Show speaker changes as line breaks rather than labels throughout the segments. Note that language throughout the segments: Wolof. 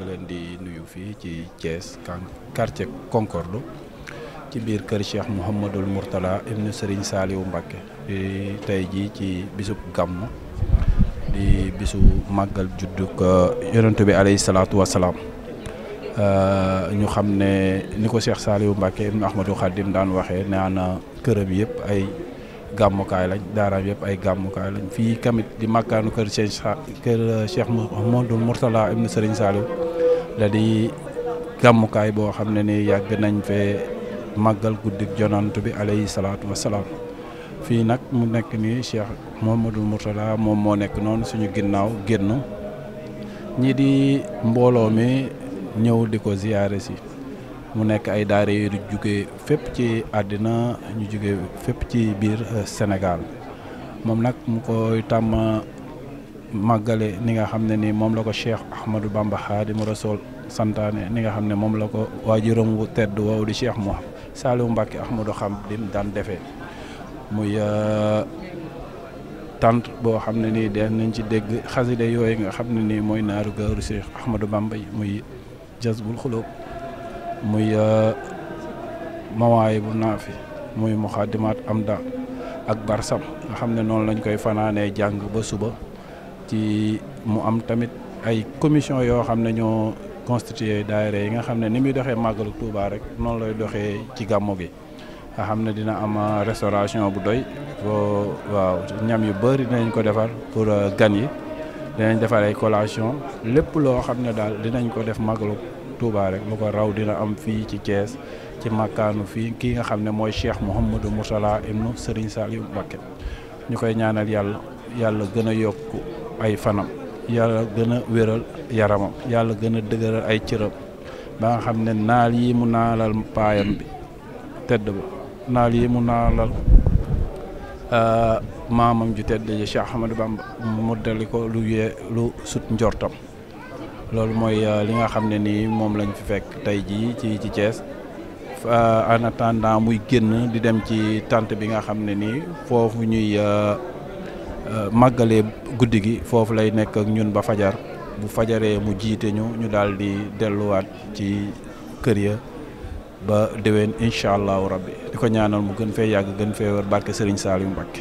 ngi leen di nuyu fii ci Thiès quartier Concorde ci biir kër Cheikh Mouhamadul Mourtala ibnu Serigne Saliou Mbacké di tey jii ci bisub gàmm di bisu màggal juddug yonent bi alayhi salaatu wasalaam euh, ñu xam ne ni ko Cheikh Saliou Mbacké ibnu Ahmadou Khadim daan waxee nee na këram yëpp ay gàmmukaay lañ daaraam yëpp ay gàmmukaay lañ fii tamit di màkkaanu kër Cheikh kër Cheikh Mouhamadul Mourtala ibnu Serigne da di gàmmukaay boo xam ne ni yàgg nañ fee màggal guddik jonantu bi alayhi salaatu wasalaam fii nag mu nekk nii Cheikh Mouhamadul Mourtada moom moo nekk noonu suñu ginnaaw génn ñi di mbooloo mi ñëw di ko ziyaare si mu nekk ay daara yu jóge fépp ci àddina ñu jóge fépp ci biir euh, Sénégal moom nag mu koy tàmm màggale ni nga xam ne ni moom la ko Cheikh Ahmadou Bamba Xaadimu Rasuul santaane ni nga xam ne moom la ko waajuram wu tedd woowu di Cheikh Mouha Saliou Mbacke xam Xaadim daan defee muy euh, tant boo xam ne ni den nañ ci dégg xasida yooyu nga xam ne nii mooy naaru gaaru Cheikh Ahmadou Bamba yi muy jazbul xulóob muy euh, mawaay bu naafi muy muxaadimaat am da ak barsam nga xam ne noonu lañ koy fanaanee jàng ba suba ci mu am tamit ay commission yoo xam ne ñoo constitué daayira yi nga xam ne ni muy doxee màggalu Touba rek noonu lay doxee ci gàmmu gi nga xam ne dina am restauration bu doy waaw ñam yu bëri dinañ ko defar pour euh, gan yi dinañ defar ay collation lépp loo xam ne daal dinañ ko def màggalu Touba rek lu ko raw dina am fii ci Thiès ci màkkaanu fii kii nga xam ne mooy Cheikh Mouhamadou Mourtala ibnu Serigne Saliou Mbacké ñu koy ñaanal yàlla yàlla gën a yokku ay fanam yàlla gën a wéral yaramam yàlla gën a dëgëral ay cëram ba nga xam ne naal yi mu naalal paayam bi tedd ba naal yi mu naalal euh, maamam ju tedd ji Cheikh Ahmadou Bamba mu dali lu yee lu sut njortam loolu mooy euh, li nga xam ne nii moom lañ fi fekk tey jii ci ci Thiès en attendant muy génn di dem ci tante bi nga xam ne nii foofu ñuy euh, màggalee guddi gi foofu lay nekk ak ñun ba fajar bu fajaree mu jiite ñu ñu daal di delluwaat ci kër ya ba deween incha allahu rabbi di ko ñaanal mu gën fee yàgg gën fee wër barke Serigne Saliou Mbacké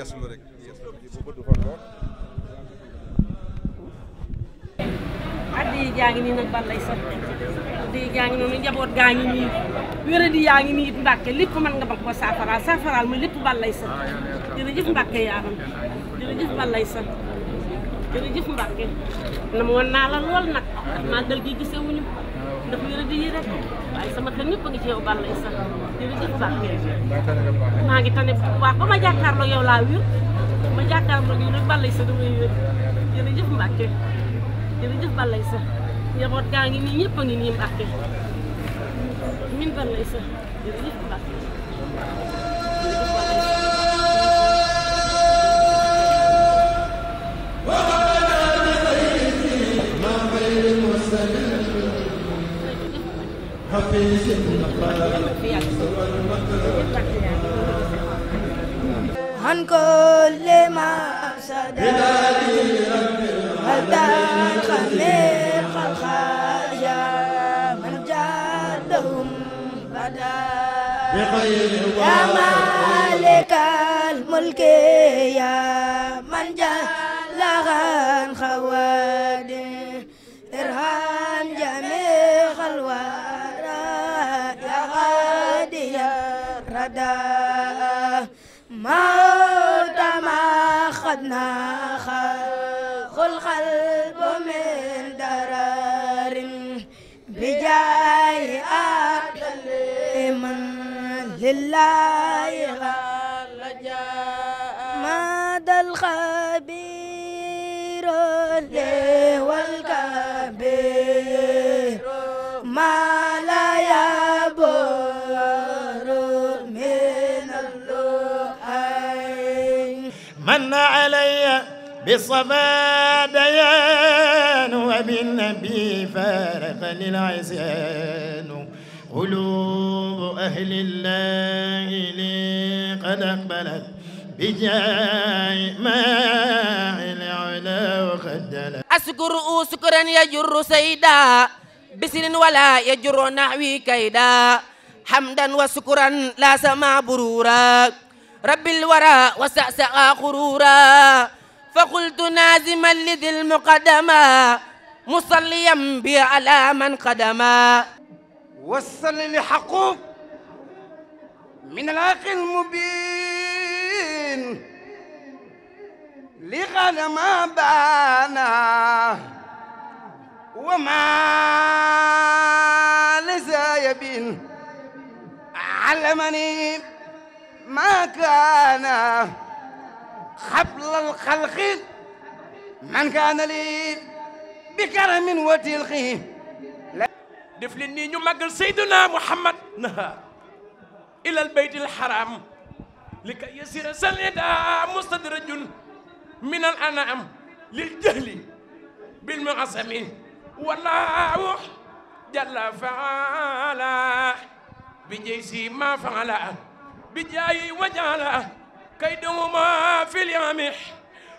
yeeslu di addi jaa ngi nii nag ban lay sot jaa ngi noonu njaboot gaa ngi nii wéradi yaa ngi nii Mbàkke lépp mën nga bokk ko saafaraal saafaraal ma lépp ban lay sot jërëjëf Mbàkke yaaram jërëjëf ban lay na mu naa la lool nag màggal gi gisewuñu ndax wéradi yi rek waaye sama xel ñëpp a ngi ci yow ban lay maa ngi tane bu baax ba ma jàkkaarloo yow laa wér ma jàkkaarloo yow nag balay sa damay wér jërëjëf Mbacke jërëjëf balay sa njaboot gaa ngi nii ñëpp a ngi nii Mbacke min balay sa jërëjëf Mbacke
Happy is in the
عن كل ما أفسد هل تنخلق الخشى من جادهم بدا يا مالك الملك يا من جلغ خوادم قد ناخ القلب من درار بجاه أبدل من لله غال جاء مدى الخلق
علي بالصفا ديان وبالنبي فارق للعصيان قلوب أهل الله لي قد أقبلت بجاي ما العلا وخدلت
أشكر شكرا يجر سيدا بسر ولا يجر نحوي كيدا حمدا وشكرا لا سما برورا rabbil wara wa sa'saqa xurura fa qultu naziman li dil muqaddama musalliyan bi ala man qadama wasalli li xaqu
min alhaqi almubin li qadama baana wa ma lisa yabin alamani ما كان حبل الخلق man kaana lii bi karamin wa tilxi def leen nii ñu màggal sayduna muhammad nahaar ilal baytil haram li ka yasira sanida mustadrajun min al anam lil jahli bil muasami wallahu jalla faala bi jaysi ma faala بجاي وجعل كيدهما في اليامح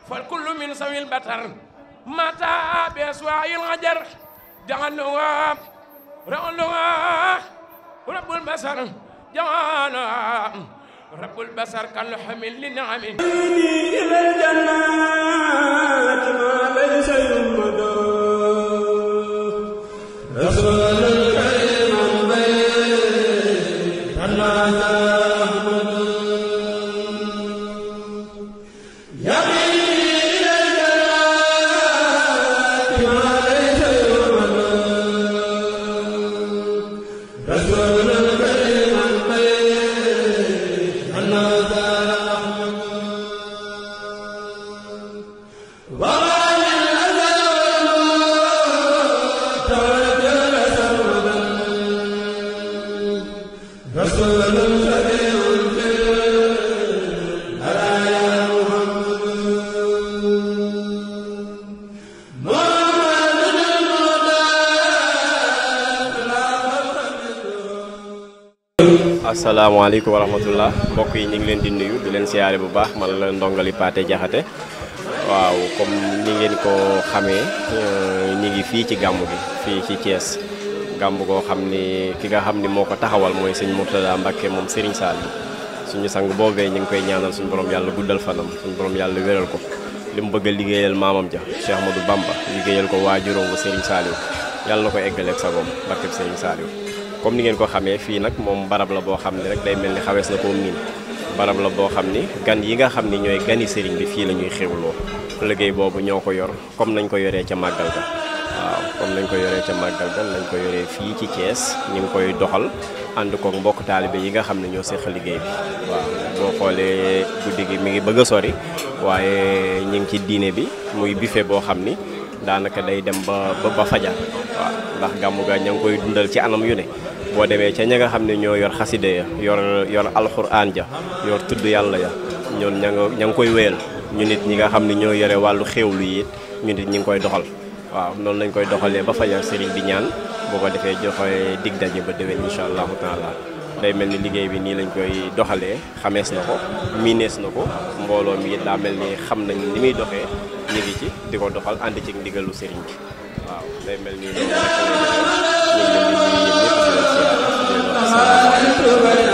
فالكل من سوي البتر متى بأسواع الغجر جعلها رعلها رب البصر جعلها رب البصر كالحمل لنعمه إلى الجنات ما ليس ينبغي
salaamaaleykum wa rahmatullah mbokk yi ñu ngi leen di nuyu di leen siyaare bu baax man la ndongali Pathé Diakhaté waaw comme ni ngeen ko xamee euh, ñu ngi fii ci gàmb gi fii ci Thiès gàmmu goo xam ni ki nga xam ni moo ko taxawal mooy sëñ Mourtada Mbacke moom Serigne Saliou suñu sang boobee ñu ngi koy ñaanal suñu borom yàlla guddal fanam suñu borom yàlla wéral ko li mu bëgg a liggéeyal maamam ja Cheikh Ahmadou Bamba liggéeyal ko waa bu Serigne Saliou yàlla na ko eggaleeg sagoom barkeb Serigne Saliou comme ni ngeen ko xamee fii nag moom barab la boo xam ne rek day mel ni xawees na koo miin barab la boo xam ni gan yi nga xam ni ñooy gani sëriñ bi fii la ñuy xewloo liggéey boobu ñoo ko yor comme nañ ko yoree ca màggal ga waaw ko yoree ca màggal ga nañ ko yoree fii ci Thiès ñu ngi koy doxal ànd koog mbokk taalibe yi nga xam ne ñoo seq liggéey bi waaw boo xoolee guddi gi mi ngi bëgg a sori waaye ñu ngi ci diine bi muy buffet boo xam ni daanaka day dem ba ba fajar waaw ndax gàmmu ga ña ngi koy dundal ci anam yu ne boo demee ca ña nga xam ne ñoo yor xaside ya yor yor alxuraan ja yor tudd yàlla ya ñoon ña nga ña ngi koy wéyal ñu nit ñi nga xam ne ñoo yore wàllu xéewlu yi ñu nit ñi ngi koy doxal waaw noonu lañ koy doxalee ba fajar sëriñ bi ñaan boo ko defee joxee dig daje ba déwén incha allahu taala day mel ni liggéey bi nii lañ koy doxalee xamees na ko miinees na ko mbooloo mi daa mel ni xam nañ ni muy doxee ñu ci di ko doxal ànd ci ndigalu mel ni
رأيت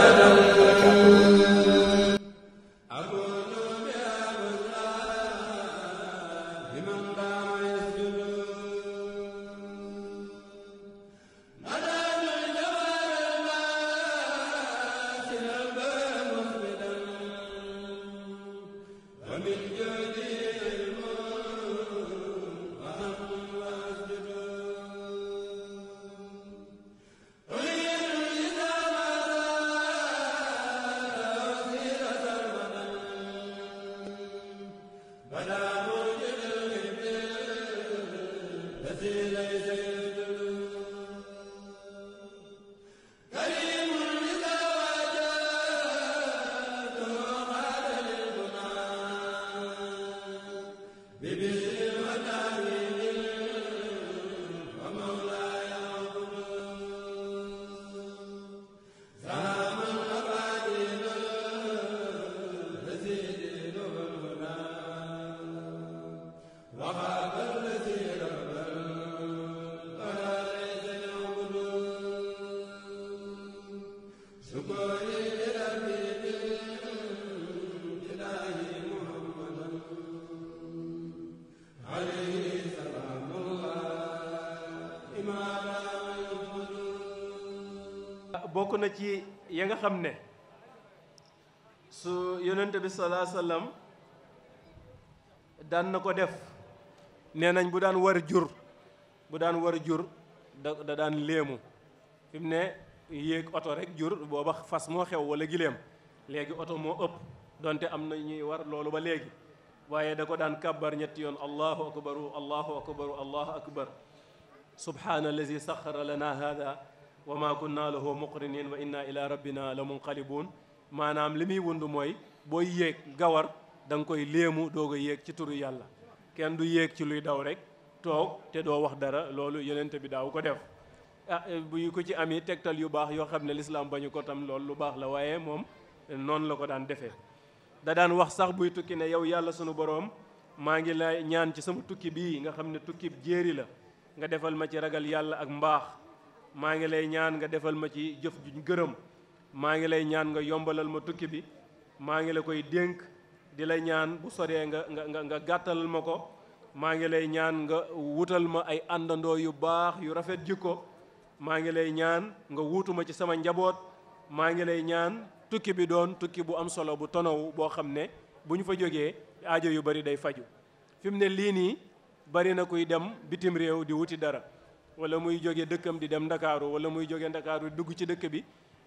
na ci ya nga xam ne su yonent bi salaa sallam daan na ko def nee nañ bu daan war jur bu daan war jur da da daan léemu fi mu ne yéeg oto rek jur booba fas moo xew wala giléem léegi oto moo ëpp donte am na ñuy war loolu ba léegi waaye da ko daan kàbbar ñetti yoon allahu akbaru allahu akbaru allahu akbar subhaana allazi saxara wa ma kunna lahu muqrinin wa inna ila rabbina la munqalibun maanaam li muy wund mooy booy yéeg gawar da nga koy léemu doog a yéeg ci turu yàlla kenn du yéeg ci luy daw rek toog te doo wax dara loolu yenent bi daaw ko def ah bu ko ci amee tegtal yu baax yoo xam ne lislaam bañu ko tam lool lu baax la waaye moom noonu la ko daan defee da daan wax sax buy tukki ne yow yàlla sunu boroom maa ngi lay ñaan ci sama tukki bii nga xam ne tukki jéeri la nga defal ma ci ragal yàlla ak mbaax maa ngi lay ñaan nga defal ma ci jëf juñ gërëm maa ngi lay ñaan nga yombalal ma tukki bi maa ngi la koy dénk di la ñaan bu soree nga nga nga gàttalal ma ko maa ngi lay ñaan nga wutal ma ay àndandoo yu baax yu rafet jikko maa ngi lay ñaan nga wuutu ma ci sama njaboot maa ngi lay ñaan tukki bi doon tukki bu am solo bu tonowu boo xam ne bu ñu fa jógee aajo yu bari day faju fi mu ne lii nii bari na kuy dem bitim réew di wuti dara wala muy jóge dëkkam di dem ndakaaru wala muy jóge ndakaaru dugg ci dëkk bi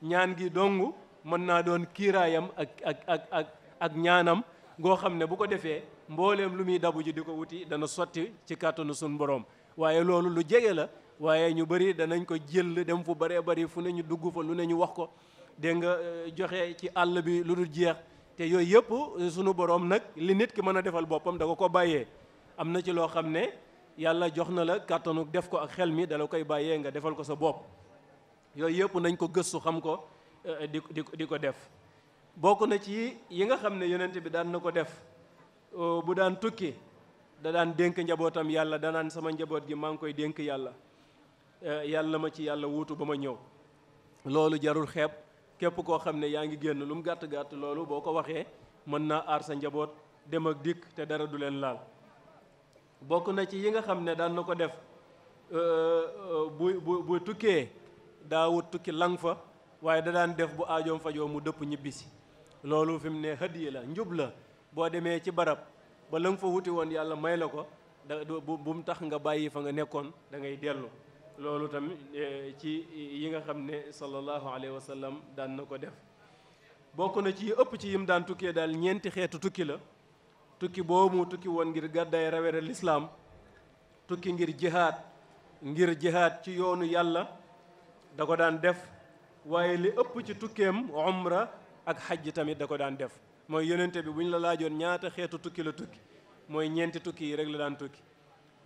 ñaan gi dong mën naa doon kiiraayam ak ak ak ak ak ñaanam goo xam ne bu ko defee mbooleem lu muy dabu ji di ko wuti dana sotti ci kàttanu suñ borom waaye loolu lu jege la waaye ñu bëri danañ ko jël dem fu bëree bari fu ne ñu dugg fa lu ne ñu wax ko dégg nga euh, joxe ci àll bi lu dul jeex te yooyu yëpp euh, sunu borom nag li nit ki mën a defal boppam da ko ko bàyyee am na ci loo xam ne yàlla jox na la kàttanu def ko ak xel mi dala koy bàyyee nga defal ko sa bopp yooyu yëpp nañ ko gëstu xam ko eh, di di di ko def bokk na ci yi nga xam ne yonent bi daan na ko def bu daan tukki da daan dénk njabootam yàlla danaan sama njaboot gi maa ngi koy dénk yàlla eh, yàlla ma ci yàlla wuutu ba ma ñëw loolu jarul xeeb képp koo xam ne yaa ngi génn lu mu gàtt gàtt loolu boo ko waxee mën naa aar sa njaboot dem ak dikk te dara du leen laal bokk na ci yi nga xam ne daan na ko def euh, euh, bu bu bu tukkee daawut tukki lang fa waaye da daan def bu aajoom fajoo mu dëpp ñibbisi loolu fi mu ne hadiya la njub la boo demee ci barab ba la fa wuti woon yàlla may la ko da bu mu tax nga bàyyi fa nga nekkoon da ngay dellu loolu tamit euh, ci yi nga xam ne sallallahu alayhi wa sallam daan na ko def bokk na ci ëpp ci yim daan tukkee daal ñeenti xeetu tukki la tukki boobu mu tukki woon ngir gàddaay rawere lislaam tukki ngir jihaad ngir jihaad ci yoonu yàlla da ko daan def waaye li ëpp ci tukkeem umra ak xajj tamit da ko daan def mooy yonente bi bu ñu la laajoon ñaata xeetu tukki la tukki mooy ñeenti tukki yi rek la daan tukki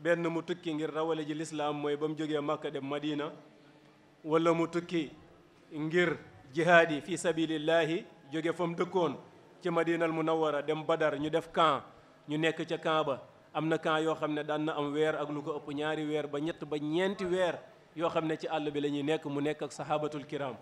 benn mu tukki ngir rawale ji lislaam mooy ba mu jógee Makka dem Madina walla mu tukki ngir jihaad yi fi sabilillahi jóge fa mu dëkkoon ci madinal munawara dem badar ñu def camp ñu nekk ca camp ba am na camp yoo xam ne daan na am weer ak lu ko ëpp ñaari weer ba ñett ba ñeenti weer yoo xam ne ci àll bi lañuy nekk mu nekk ak sahabatul kiram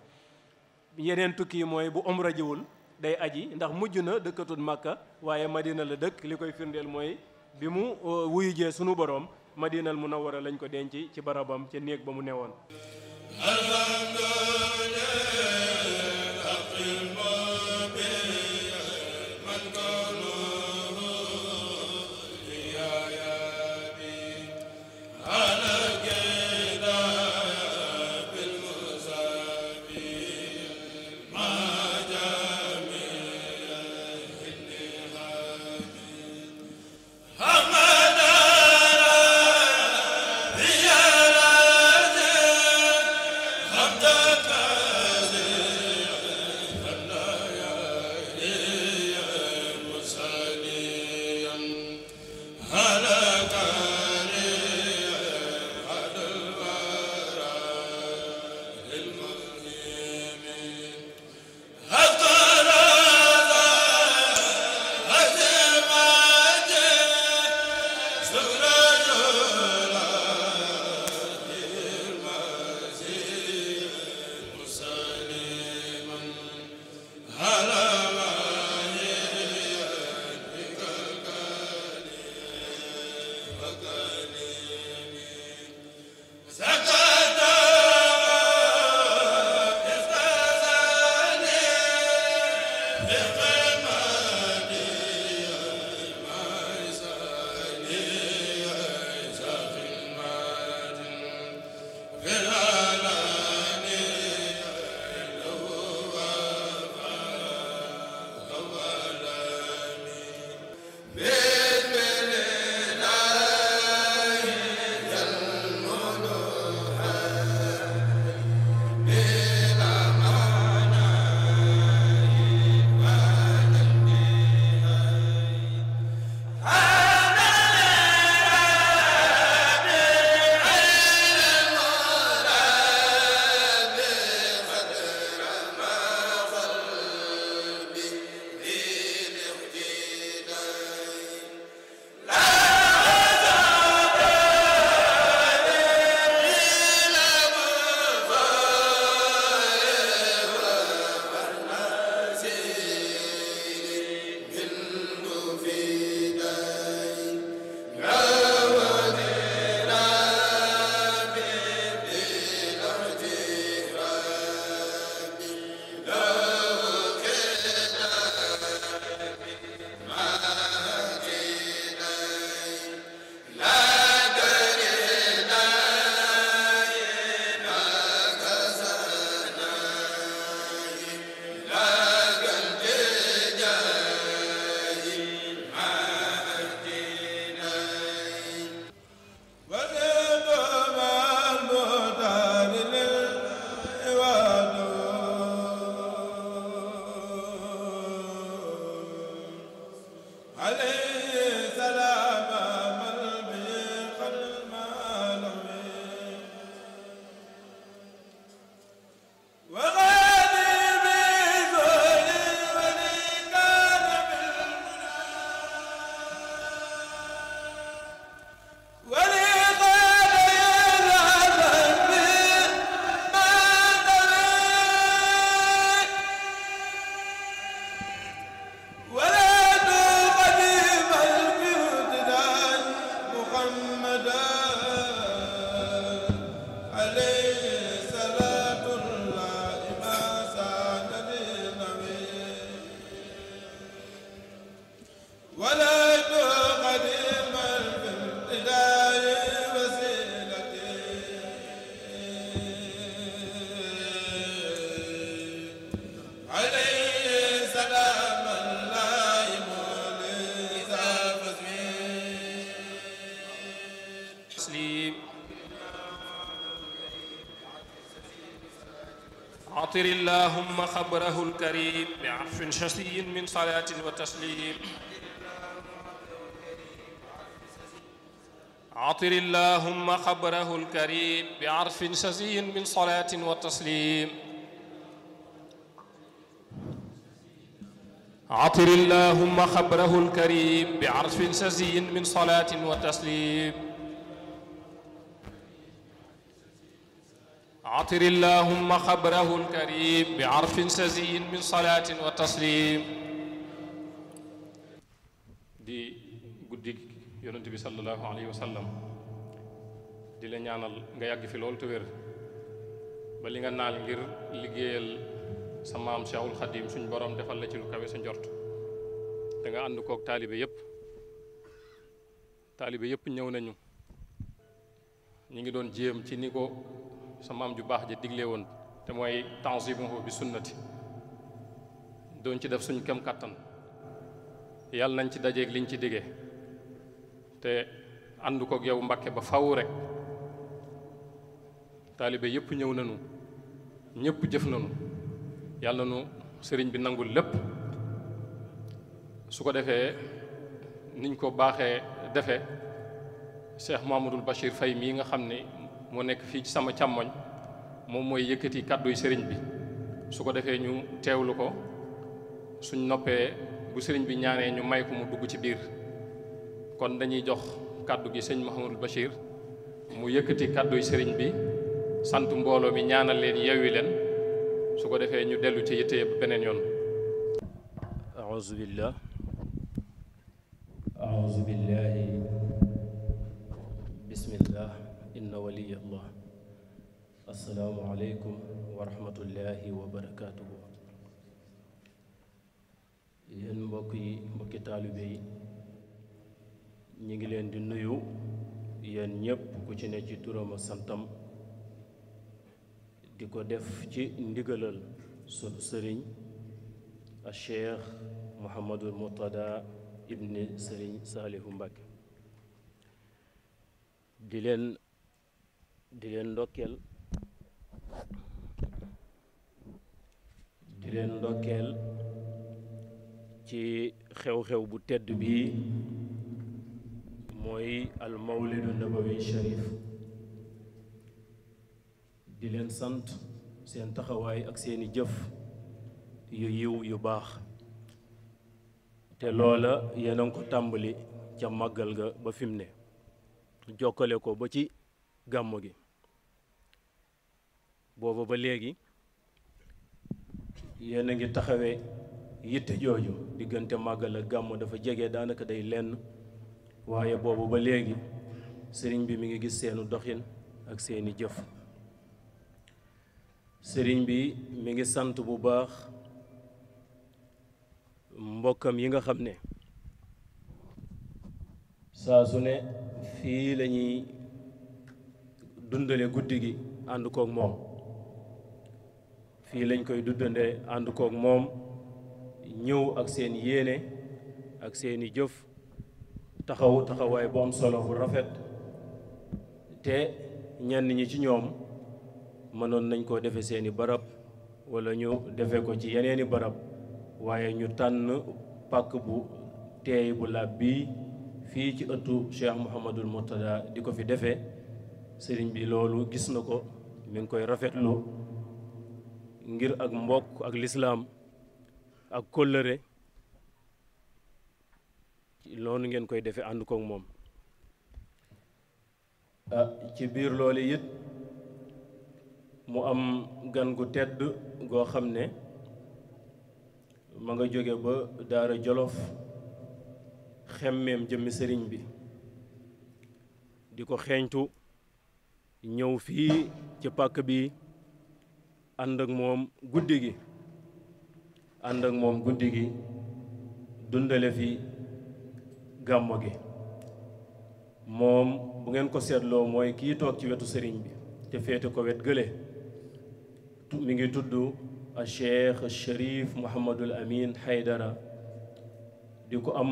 yeneen tukki yi mooy bu omra jiwul day aji ndax mujj na dëkkatul makka waaye madina la dëkk li koy firndeel mooy bi mu uh, wuyu jee sunu boroom madinal mu na munawara lañ ko denc ci barabam ca néeg ba mu ne newoon
عطر اللهم خبره الكريم بعرف شسي من صلاة وتسليم عطر اللهم خبره الكريم بعرف شسي من صلاة وتسليم عطر اللهم خبره الكريم بعرف شسي من صلاة وتسليم أعطر اللهم خبره الكريم بعرف سزي من صلاة وتسليم دي guddi yonent bi sallallahu alayhi wa di la ñaanal nga yàgg fi loolu te wér ba li nga naal ngir liggéeyal sa maam Cheikhul Khadim suñ boroom defal la ci lu kawe sa njort danga nga ànd koog taalibe yëpp taalibe yëpp ñëw nañu ñu ngi doon jéem ci ni ko sa maam ju baax ja digle woon te mooy tanzimuhu bi sunnati doon ci def suñ kem kàttan yàlla nañ ci dajeeg liñ ci digee te ànd koog yow Mbàkke ba faw rek taalibe yëpp ñëw nañu ñëpp jëf nañu yàlla nu sëriñ bi nangul lépp su ko defee niñ ko baaxee defee Cheikh Mamadou Bachir Faye mii nga xam ni moo nekk fii ci sama càmmoñ moom mooy yëkkati kàdduy sëriñ bi su ko defee ñu teewlu ko suñ noppee bu sëriñ bi ñaanee ñu may ko mu dugg ci biir kon dañuy jox kàddu gi sëñ Mouhamadou Bachir mu yëkkati kàdduy sëriñ bi sant mbooloo mi ñaanal leen yewwi leen su ko defee ñu dellu ci yitte yëpp beneen yoon aouzu
waliya allah assalaamu aleykum wa wa barakaatuhu yéen mbokk yi mbokki taalibe yi ñu ngi leen di nuyu yéen ñépp ku ci ne ci turam a santam di ko def ci ndigalal sunu sëriñ a cheikh Mouhamadul Murtada ibni sëriñ Saalihu Mbàkke di leen di leen ndokkeel di leen ndokkeel ci xew-xew bu tedd bii mooy al mawlidu sharif di leen sant seen taxawaay ak seeni jëf yu yiw yu baax te loola yéen ko tàmbali ca màggal ga ba fim mu ne jokkale ko ba ci gàmmu gi booba ba léegi yéen a ngi taxawe yitte jooju diggante màggal ak gàmm dafa jege daanaka day lenn waaye boobu ba léegi sëriñ bi mi ngi gis seenu doxin ak seeni jëf sëriñ bi mi ngi sant bu baax mbokkam yi nga xam ne saa su ne fii lañuy dundale guddi gi ànd kook moom fii lañ koy duddande ànd kook moom ñëw ak seen yéene ak seeni jëf taxaw taxawaay bu solo bu rafet te ñenn ñi ci ñoom mënoon nañ koo defe seeni barab walla ñu defe ko ci yeneeni barab waaye ñu tànn pàkk bu teey bu làab bi fii ci ëttu Cheikh Mouhamadul Murtada di ko fi defe sëriñ bi loolu gis na ko mi ngi koy rafet lu ngir ak mbokk ak lislaam ak kóllëre loolu ngeen koy defee ànd kook moom
ah ci biir loolu
it mu am gan gu tedd goo xam ne ma nga jóge ba daara jolof xemmeem jëmmi sëriñ bi di ko xeeñtu ñëw fii ci pàkk bi ànd ak moom guddi gi ànd ak moom guddi gi dundale fi gàmmo gi moom bu ngeen ko seetloo mooy kii toog ci wetu sëriñ bi te féete ko wet gële mi ngi tudd a cheikh sharif mouhamadul amin haydara di ko am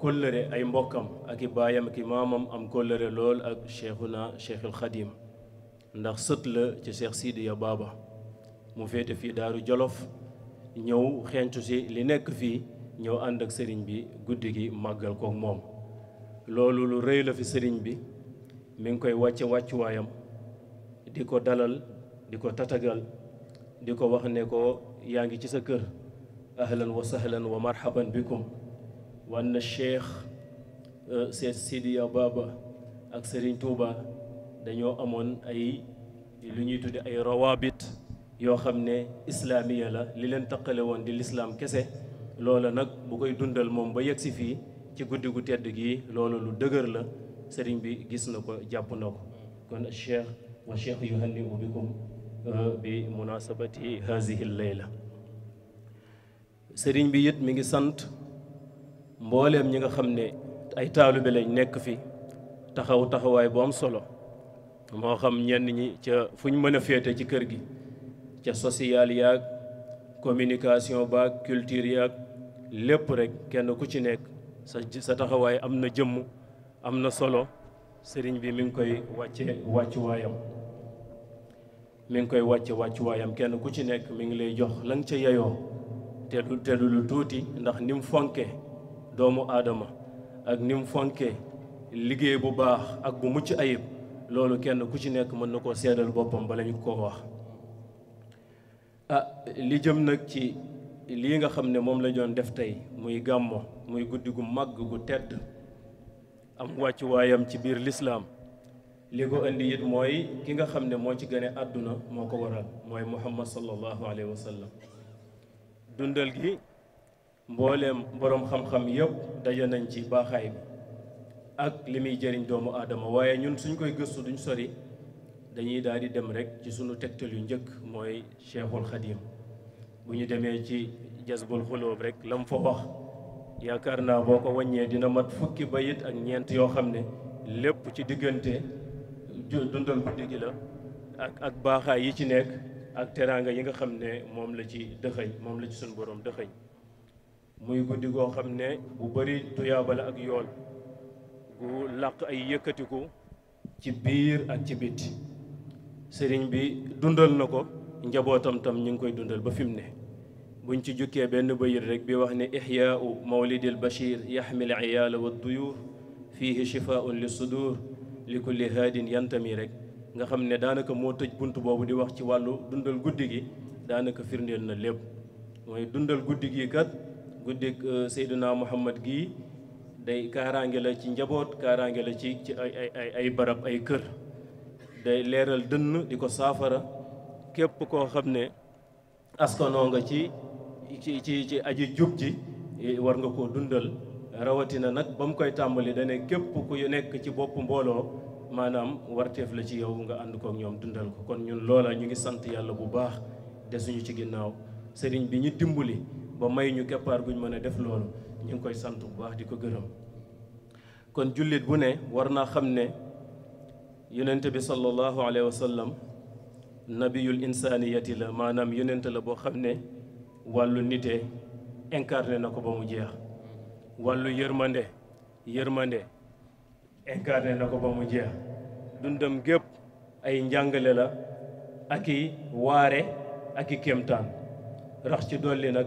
kóllëre ay mbokkam ak i baayam ak i maamam am kóllëre lool ak cheikhuna cheikhul xadim ndax sët la ci cheikh sidiya baaba mu féete fii daaru jolof ñëw xentu si li nekk fii ñëw ànd ak sëriñ bi guddi gi màggal kook moom loolu lu rëy la fi sëriñ bi mi ngi koy wàcce wàccuwaayam di ko dalal di ko tatagal di ko wax ne ko yaa ngi ci sa kër ahlan wa sahlan wa marhaban bikum wanna cheikh euh, seet Sidiya Baba ak sëriñ tuuba dañoo amoon ay lu ñuy tudde ay rawaabit yoo xam ne islaamiya la li leen taqale woon di lislaam kese loola nag bu koy dundal moom ba yegg si fii ci guddi gu tedd gi loola lu dëgër la sëriñ bi gis na ko jàpp na ko kon cheikh wa cheikh yuhanniu bikum uh, bi munasabati hazihi leyla sëriñ bi it mi ngi sant mbooleem ñi nga xam ne ay taalibe lañ nekk fi taxaw taxawaay bu am solo moo xam ñenn ñi ca fu ñu mën a féete ci kër gi ca social yaag communication baag culture yaag lépp rek kenn ku ci nekk sa sa taxawaay am na jëmm am na solo sëriñ bi mi ngi koy wàcce wàccuwaayam mi ngi koy wàcce wàccuwaayam kenn ku ci nekk mi ngi lay jox la nga ca yeyoo te du te lu tuuti ndax ni mu fonke doomu aadama ak ni mu fonke liggéey bu baax ak bu mucc ayib loolu kenn ku ci nekk mën na koo seedal boppam bala ñu ko wax ah li jëm nag ci lii nga xam ne moom la doon def tey muy gàmmo muy guddi gu màgg gu tedd am wàccu waayam ci biir lislaam li ko indi it mooy ki nga xam ne moo ci gane àdduna moo ko waral mooy muhammad sallallahu alayhi wa sallam dundal gi mbooleem boroom xam-xam yëpp daje nañ ci baaxaay bi ak li muy jëriñ doomu aadama waaye ñun suñ koy gëstu duñ sori dañuy daal di dem rek ci sunu tegtal yu njëkk mooy cheikhul xadim bu ñu demee ci jasbul xuloob rek lam fa wax yaakaar naa boo ko wàññee dina mat fukki bayit ak ñeent yoo xam ne lépp ci diggante dundal guddi gi la ak ak baaxaay yi ci nekk ak teraanga yi nga xam ne moom la ci dëxëñ moom la ci sunu boroom dëxëñ muy guddi goo xam ne bu bari tuyaaba ak yool gu làq ay yëkkatiku ci biir ak ci biti sëriñ bi dundal na ko njabootam tam ñu ngi koy dundal ba fi mu ne buñ ci jukkee benn bayit rek bi wax ne ixyaau mawlidil bashir yaxmil iyaala wa duyuur fiihi shifaun li sudur li kulli haadin yantami rek nga xam ne daanaka moo tëj bunt boobu di wax ci wàllu dundal guddi gi daanaka firndeel na lépp mooy dundal guddi gi kat guddi euh, Seydina Muhammad gii day kaaraange la ci njaboot kaaraange la ci ci ay ay ay barab ay kër day leeral dënn di ko saafara képp koo xam ne askanoo nga ci ci ci ci aji jub ji eh, war nga koo dundal rawatina nag ba mu koy tàmbali dane képp ku nekk ci bopp mbooloo maanaam warteef la ci yow nga ànd kook ñoom dundal ko kon ñun loola ñu ngi sant yàlla bu baax desuñu ci ginnaaw sëriñ bi ñu dimbali ba may ñu keppaar guñ mën a def loolu ñu ngi koy sant bu baax di ko gërëm kon jullit bu ne war naa xam ne yonent bi sallallahu alayhi wa sallam nabiyul insaniyati la maanaam yonent la boo xam ne wàllu nite incarné na ko ba mu jeex wàllu yërmande yërmande incarné na ko ba mu jeex dundam gépp ay njàngale la ak i waare ak i kéemtaan rax ci dolli nag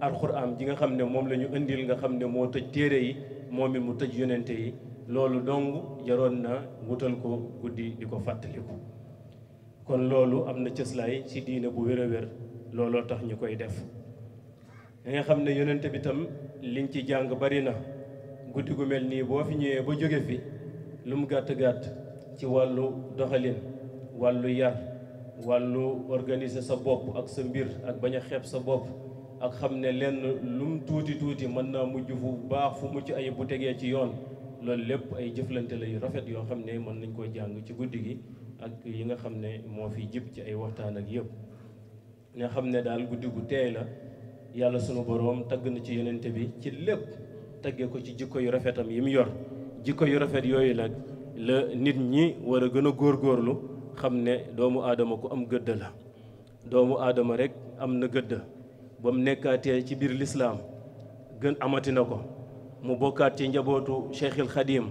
alxuraan ji nga xam ne moom la ñu indil nga xam ne moo tëj téere yi moom it mu tëj yonente yi loolu dong jaroon na wutal ko guddi di ko fàttaliku kon loolu am na cëslaay ci diine bu wér a wér looloo tax ñu koy def danga xam ne yonent bi tam liñ ci jàng bari na guddi gu mel nii boo fi ñëwee ba jóge fi lu mu gàtt-gàtt ci wàllu doxalin wàllu yar wàllu organise sa bopp ak sa mbir ak bañ xeeb sa bopp ak xam ne lenn lum tuuti tuuti mën naa mujj bu baax fu mucc ayib bu tegee ci yoon loolu lépp ay jëflante la yu rafet yoo xam ne mën nañ koo jàng ci guddi gi ak yi nga xam ne moo fi jib ci ay waxtaan ak yëpp nga xam ne daal guddi gu teey la yàlla sunu boroom tagg na ci yonente bi ci lépp tagge ko ci jikko yu rafetam yi mu yor jikko yu rafet yooyu nag la nit ñi war a gën a góor góorlu xam ne doomu aadama ku am gëdd la doomu aadama rek am na gëddë ba mu nekkaatee ci biir lislaam gën amati na ko mu bokkaat ci njabootu Cheikhul Khadim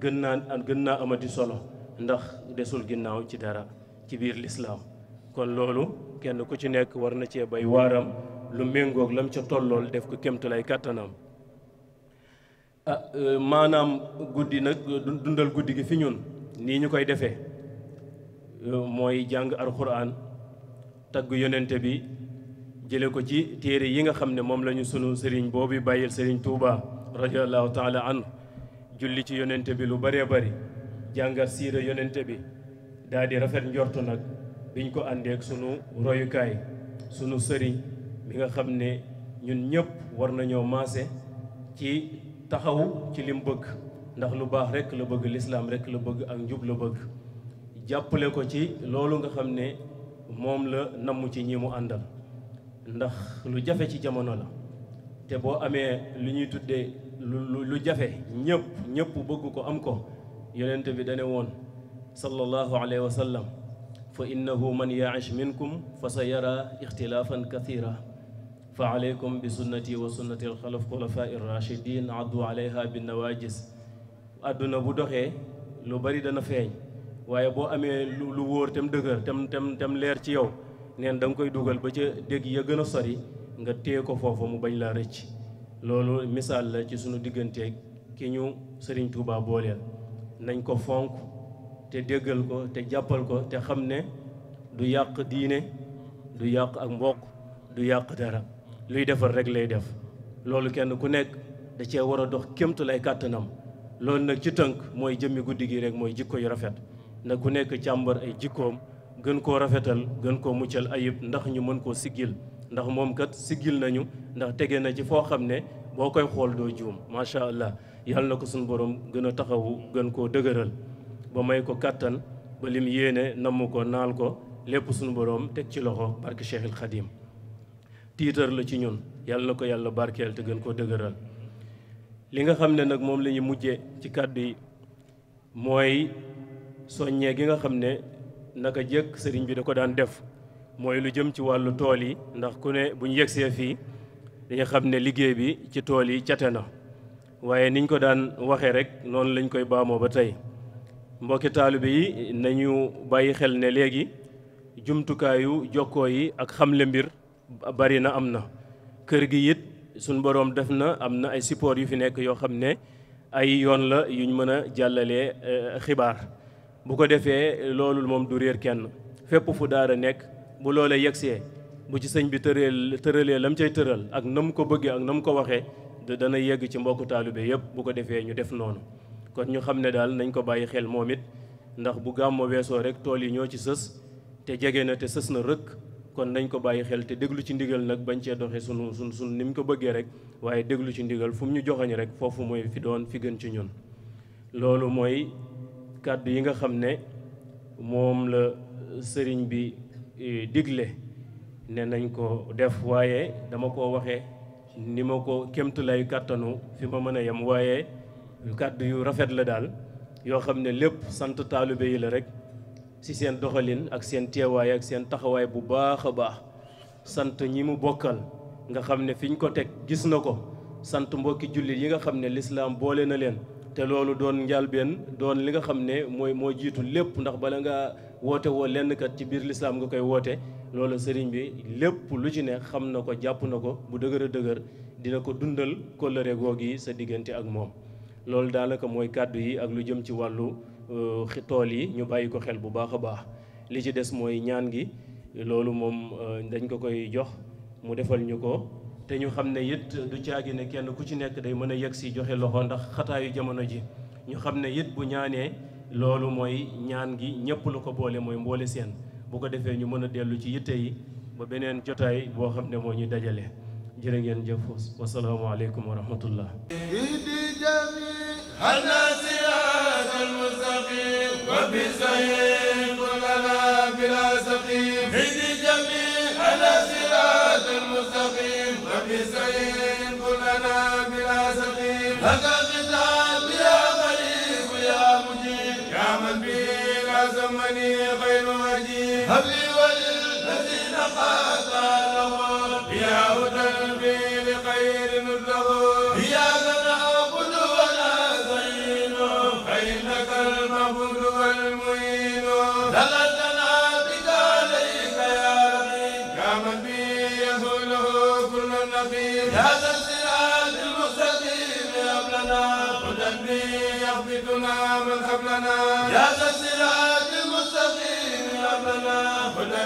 gën naa gën naa amati solo ndax desul ginnaaw ci dara ci biir lislaam kon loolu kenn ku ci nekk war na cee bay waaram lu méngoog lam ca tollool def ko kémtulay kàttanam ah euh, maanaam guddi nag dundal guddi gi fi ñun nii ñu koy defee euh, mooy jàng alxuraan tagg yonente bi jële ko ci téere yi nga xam ne moom lañu sunu sëriñ boobu bàyyil sëriñ Touba. radiallahu taala anhu julli ci yonente bi lu baree bari jàngat siira yonente bi daal di rafet njortu nag biñ ko àndeek sunu royukaay sunu sëriñ mi nga xam ne ñun ñëpp war nañoo maase ci taxawu ci lim bëgg ndax lu baax rek la bëgg lislaam rek la bëgg ak njub la bëgg jàppale ko ci loolu nga xam ne moom la namm ci ñi mu àndal ndax lu jafe ci jamono la te boo amee lu ñuy tuddee lu lu jafe ñëpp ñëpp bëgg ko am ko yonent bi dane woon sallallahu alayhi wa sallam fa innahu man yaish minkum fa sa yara ixtilaafan kathira fa alaykum bi sunnati wa sunnati alxalaf xulafai rachidin addu alayha bi nawajis àdduna bu doxee lu bari dana feeñ waaye boo amee lu wóor tam dëgër tam tam tam leer ci yow neen danga koy dugal ba ca dégg ya gën a sori nga téye ko foofa mu bañ laa rëcc loolu misaal la ci sunu digganteeg ki ñu sëriñ Touba booleel nañ ko fonk te déggal ko te jàppal ko te xam ne du yàq diine du yàq ak mbokk du yàq dara luy defal rek lay def loolu kenn ku nekk da cee war a dox kémtu lay kàttanam loolu nag ci tënk mooy jëmmi guddi gi rek mooy jikko yu rafet na ku nekk càmbar ay jikkoom gën koo rafetal gën koo muccal ayib ndax ñu mën koo siggil ndax moom kat siggil nañu ndax tege na ci foo xam ne boo koy xool doo juum macha allah yàlla na ko suñu borom gën a taxawu gën koo dëgëral ba may ko kàttan ba lim yéene namm ko naal ko lépp suñu borom teg ci loxo barke Cheikhul Khadim tiitar la ci ñun yàlla na ko yàlla barkeel te gën koo dëgëral li nga xam ne nag moom lañuy ñu mujjee ci kàddu yi mooy soññee gi nga xam ne naka jëkk sëriñ bi da ko daan def mooy lu jëm ci wàllu tool yi ndax ku ne bu ñu yegsee fii dañu xam ne liggéey bi ci tool yi cate na waaye niñ ko daan waxee rek noonu lañ koy baamoo ba tey mbokki taalibe yi nañu bàyyi xel ne léegi jumtukaayu jokkoo yi ak xamle mbir bari na am na kër gi it suñ boroom def na am na ay support yu fi nekk yoo xam ne ay yoon la yuñ mën a jàllalee eh, xibaar bu ko defee loolu moom du réer kenn fépp fu daara nekk bu loolee yegsee bu ci sëñ bi tëree tëralee lam cay tëral ak na mu ko bëggee ak na mu ko waxee dana yegg ci mbokku taalibe yëpp bu ko defee ñu def noonu kon ñu xam ne daal nañ ko bàyyi xel moom it ndax bu gàmmo weesoo rek tool yi ñoo ci sës te jege na te sës na rëkk kon nañ ko bàyyi xel déglu ci ndigal nag bañ cee doxee sunu sunu sunu ni mu ko bëggee rek waaye déglu ci ndigal fu mu ñu joxoñ rek foofu mooy fi doon fi gën ci ñun loolu mooy kàddu yi nga xam ne moom la sëriñ bi digle ne nañ ko def waaye dama ko waxe ni ma ko kémtulay kàttanu fi ma mën a yem waaye kàddu yu rafet la daal yoo xam ne lépp sant taalibe yi la rek ci seen doxalin ak seen teewaay ak seen taxawaay bu baax a baax sant ñi mu bokkal nga xam ne fi ñu ko teg gis na ko sant mbokki jullit yi nga xam ne lislaam boole na leen te loolu doon njàlbeen doon li nga xam ne mooy moo jiitu lépp ndax bala ngaa woote woo lenn kat ci biir lislaam nga koy woote loolu sëriñ bi lépp lu ci ne xam na ko jàpp na ko bu dëgër a dëgër dina ko dundal kóllëre googu yi sa diggante ak moom loolu daanaka mooy kàddu yi ak lu jëm ci wàllu euh, tool yi ñu bàyyi ko xel bu baax a baax li ci des mooy ñaan gi loolu moom euh, dañ ko koy jox mu defal ñu ko te ñu xam ne it du caagi ne kenn ku ci nekk day mën a yegg si joxe loxo ndax xataayu jamono ji ñu xam ne it bu ñaanee loolu mooy ñaan gi ñëpp lu ko boole mooy mboole seen bu ko defee ñu mën a dellu ci yitte yi ba beneen jotaay boo xam ne moo ñu dajale jërë ngeen jëf wasalaamualeykum wa rahmatullah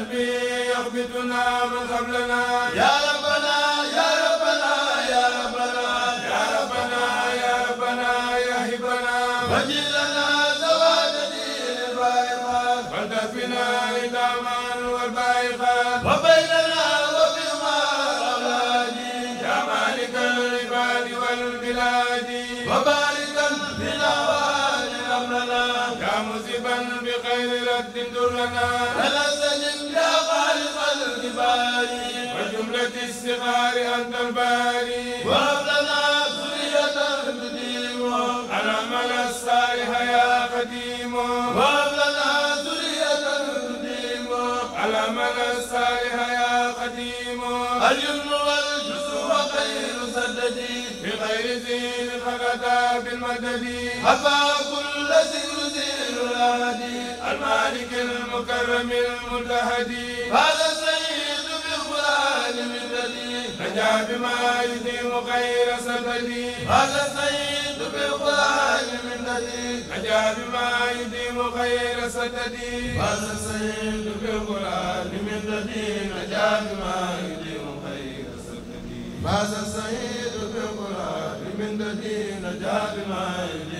قلبي يخبتنا من قبلنا يا ربنا يا ربنا يا ربنا يا ربنا يا ربنا يا هبنا وجد لنا زواج دين البائقة وانتفنا إداما والبائقة وبيننا وبهما الأولاد يا مالك العباد
والبلاد
وباركا لنا وأهل أمرنا يا مصيبا بخير رد درنا الاستغفار أنت الباري وابلنا سرية تديم العمل الصالح يا قديم وابلنا سرية تديم العمل الصالح يا قديم اليمن والجسر خير سددي بغير زين فقد بالمدد هبا كل ذكر زين الهدي المالك المكرم المتهدي هذا نجا بما يديم غير سددي هذا سيد بالقران من ددي نجا بما يديم غير سددي هذا سيد بالقران من ددي نجا بما يديم غير سددي هذا سيد بالقران من
ددي نجا بما يديم